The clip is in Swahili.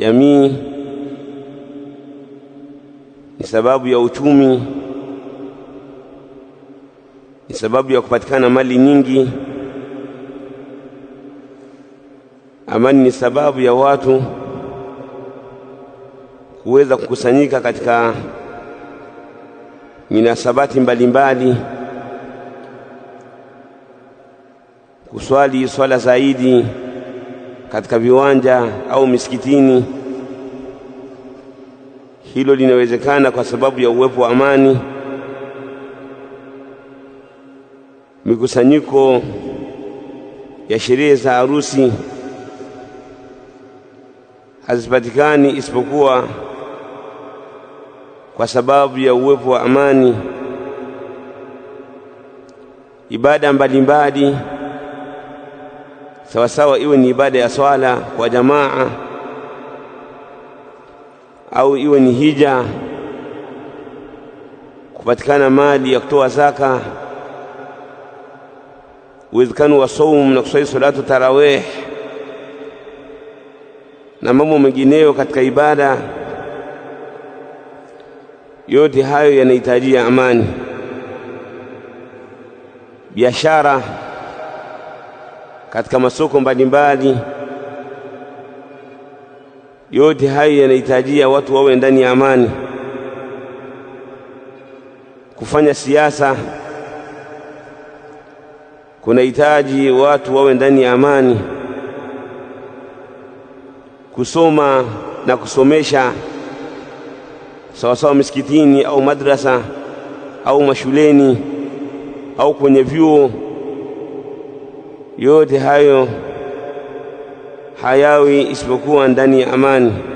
jamii, ni sababu ya uchumi, ni sababu ya kupatikana mali nyingi. Amani ni sababu ya watu kuweza kukusanyika katika minasabati mbalimbali, kuswali swala zaidi katika viwanja au misikitini. Hilo linawezekana kwa sababu ya uwepo wa amani. Mikusanyiko ya sherehe za harusi hazipatikani isipokuwa kwa sababu ya uwepo wa amani. Ibada mbalimbali sawasawa, iwe ni ibada ya swala kwa jamaa au iwe ni hija, kupatikana mali ya kutoa zaka, uwezekano wa saum na kuswali salatu tarawih na mambo mengineyo katika ibada, yote hayo yanahitajia amani biashara katika masoko mbalimbali. Yote hayo yanahitajia watu wawe ndani ya amani. Kufanya siasa kunahitaji watu wawe ndani ya amani. Kusoma na kusomesha sawasawa misikitini au madrasa au mashuleni au kwenye vyuo yote hayo hayawi isipokuwa ndani ya amani.